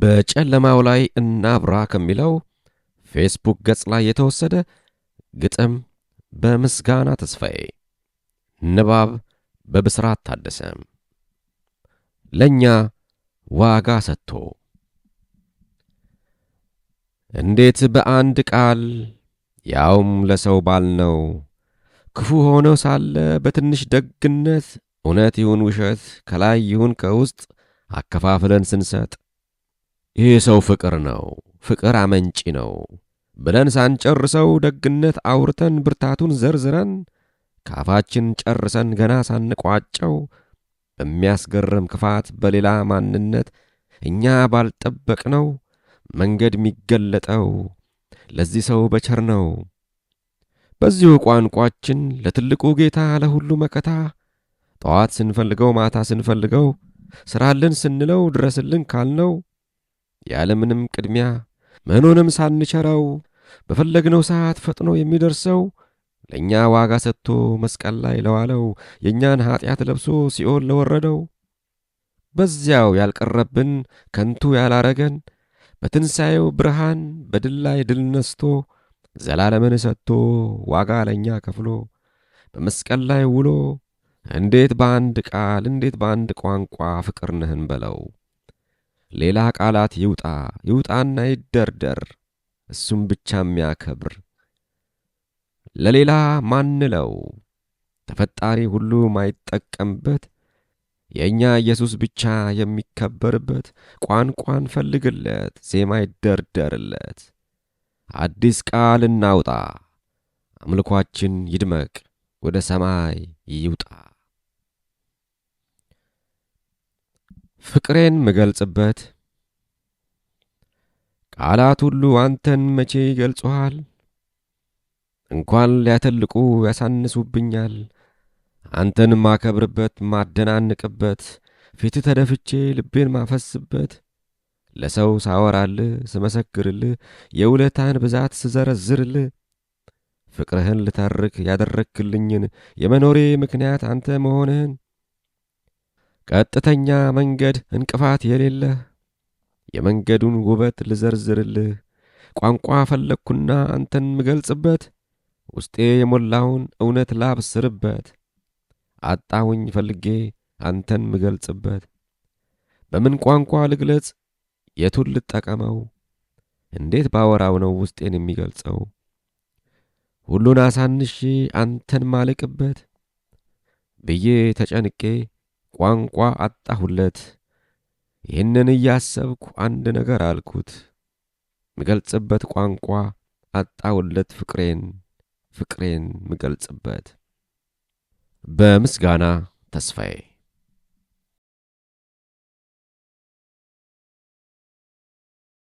በጨለማው ላይ እናብራ ከሚለው ፌስቡክ ገጽ ላይ የተወሰደ ግጥም በምስጋና ተስፋዬ፣ ንባብ በብስራት ታደሰ። ለእኛ ዋጋ ሰጥቶ እንዴት በአንድ ቃል ያውም ለሰው ባል ነው! ክፉ ሆኖ ሳለ በትንሽ ደግነት እውነት ይሁን ውሸት ከላይ ይሁን ከውስጥ አከፋፍለን ስንሰጥ ይህ ሰው ፍቅር ነው፣ ፍቅር አመንጪ ነው ብለን ሳንጨርሰው ደግነት አውርተን ብርታቱን ዘርዝረን ካፋችን ጨርሰን ገና ሳንቋጨው በሚያስገርም ክፋት በሌላ ማንነት እኛ ባልጠበቅነው መንገድ የሚገለጠው ለዚህ ሰው በቸር ነው። በዚሁ ቋንቋችን ለትልቁ ጌታ ለሁሉ መከታ ጠዋት ስንፈልገው ማታ ስንፈልገው ስራልን ስንለው ድረስልን ካልነው ያለምንም ቅድሚያ መኖንም ሳንቸረው በፈለግነው ሰዓት ፈጥኖ የሚደርሰው ለእኛ ዋጋ ሰጥቶ መስቀል ላይ ለዋለው የእኛን ኀጢአት ለብሶ ሲኦል ለወረደው በዚያው ያልቀረብን ከንቱ ያላረገን በትንሣኤው ብርሃን በድል ላይ ድል ነስቶ ዘላለምን ሰጥቶ ዋጋ ለእኛ ከፍሎ በመስቀል ላይ ውሎ እንዴት በአንድ ቃል እንዴት በአንድ ቋንቋ ፍቅር ነህን በለው። ሌላ ቃላት ይውጣ ይውጣና ይደርደር እሱም ብቻ የሚያከብር ለሌላ ማንለው ተፈጣሪ ሁሉ ማይጠቀምበት የእኛ ኢየሱስ ብቻ የሚከበርበት ቋንቋን ፈልግለት፣ ዜማ ይደርደርለት። አዲስ ቃል እናውጣ፣ አምልኳችን ይድመቅ፣ ወደ ሰማይ ይውጣ። ፍቅሬን ምገልጽበት ቃላት ሁሉ አንተን መቼ ይገልጹሃል? እንኳን ሊያተልቁ ያሳንሱብኛል። አንተን ማከብርበት፣ ማደናንቅበት፣ ፊት ተደፍቼ ልቤን ማፈስበት፣ ለሰው ሳወራልህ፣ ስመሰክርልህ፣ የውለታን ብዛት ስዘረዝርልህ፣ ፍቅርህን ልተርክ ያደረክልኝን የመኖሬ ምክንያት አንተ መሆንህን ቀጥተኛ መንገድ እንቅፋት የሌለህ የመንገዱን ውበት ልዘርዝርልህ ቋንቋ ፈለግኩና አንተን ምገልጽበት ውስጤ የሞላውን እውነት ላብስርበት አጣውኝ ፈልጌ አንተን ምገልጽበት በምን ቋንቋ ልግለጽ የቱን ልጠቀመው እንዴት ባወራው ነው ውስጤን የሚገልጸው ሁሉን አሳንሼ አንተን ማልቅበት! ብዬ ተጨንቄ ቋንቋ አጣሁለት። ይህንን እያሰብኩ አንድ ነገር አልኩት። ምገልጽበት ቋንቋ አጣሁለት ፍቅሬን ፍቅሬን ምገልጽበት በምስጋና ተስፋዬ